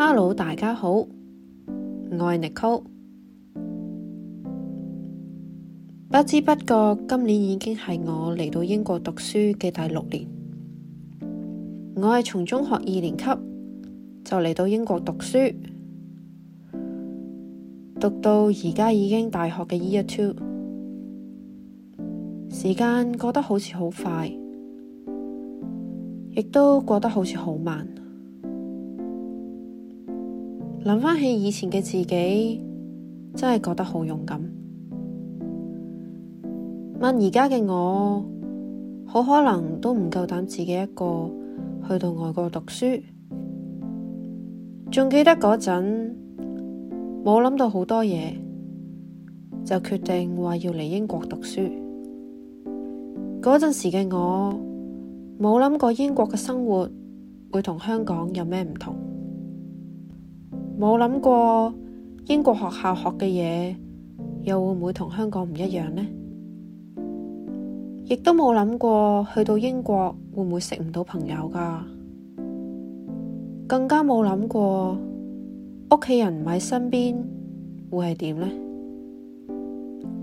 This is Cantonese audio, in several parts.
哈嘍，Hello, 大家好，我係 Nicole。不知不覺，今年已經係我嚟到英國讀書嘅第六年。我係從中學二年級就嚟到英國讀書，讀到而家已經大學嘅 Year Two。時間過得好似好快，亦都過得好似好慢。諗翻起以前嘅自己，真係覺得好勇敢。問而家嘅我，好可能都唔夠膽自己一個去到外國讀書。仲記得嗰陣，冇諗到好多嘢，就決定話要嚟英國讀書。嗰陣時嘅我，冇諗過英國嘅生活會同香港有咩唔同。冇諗過英國學校學嘅嘢又會唔會同香港唔一樣呢？亦都冇諗過去到英國會唔會識唔到朋友噶？更加冇諗過屋企人唔喺身邊會係點呢？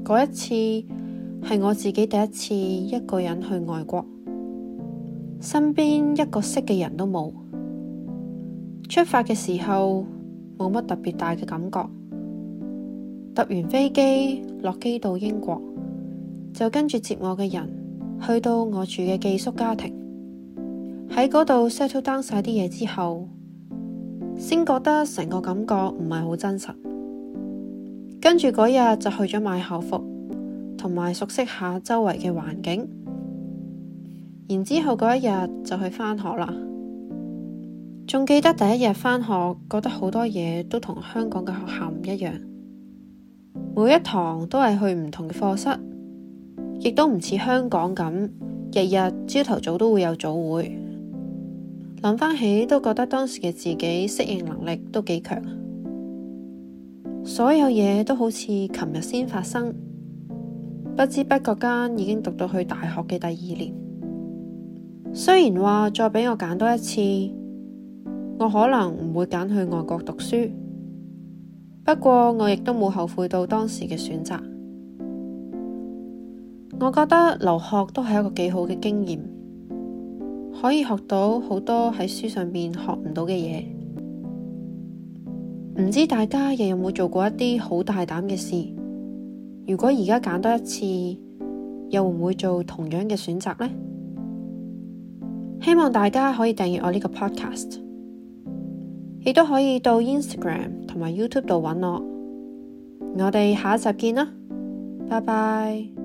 嗰一次係我自己第一次一個人去外國，身邊一個識嘅人都冇，出發嘅時候，冇乜特別大嘅感覺，搭完飛機落機到英國，就跟住接我嘅人去到我住嘅寄宿家庭，喺嗰度 settle down 晒啲嘢之後，先覺得成個感覺唔係好真實。跟住嗰日就去咗買校服，同埋熟悉下周圍嘅環境，然之後嗰一日就去返學啦。仲記得第一日返學，覺得好多嘢都同香港嘅學校唔一樣。每一堂都係去唔同嘅課室，亦都唔似香港咁日日朝頭早都會有早會。諗翻起都覺得當時嘅自己適應能力都幾強。所有嘢都好似琴日先發生，不知不覺間已經讀到去大學嘅第二年。雖然話再畀我揀多一次。我可能唔會揀去外國讀書，不過我亦都冇後悔到當時嘅選擇。我覺得留學都係一個幾好嘅經驗，可以學到好多喺書上邊學唔到嘅嘢。唔知大家又有冇做過一啲好大膽嘅事？如果而家揀多一次，又會唔會做同樣嘅選擇呢？希望大家可以訂閱我呢個 Podcast。你都可以到 Instagram 同埋 YouTube 度揾我，我哋下一集見啦，拜拜。